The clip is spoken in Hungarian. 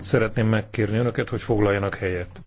Szeretném megkérni önöket, hogy foglaljanak helyet.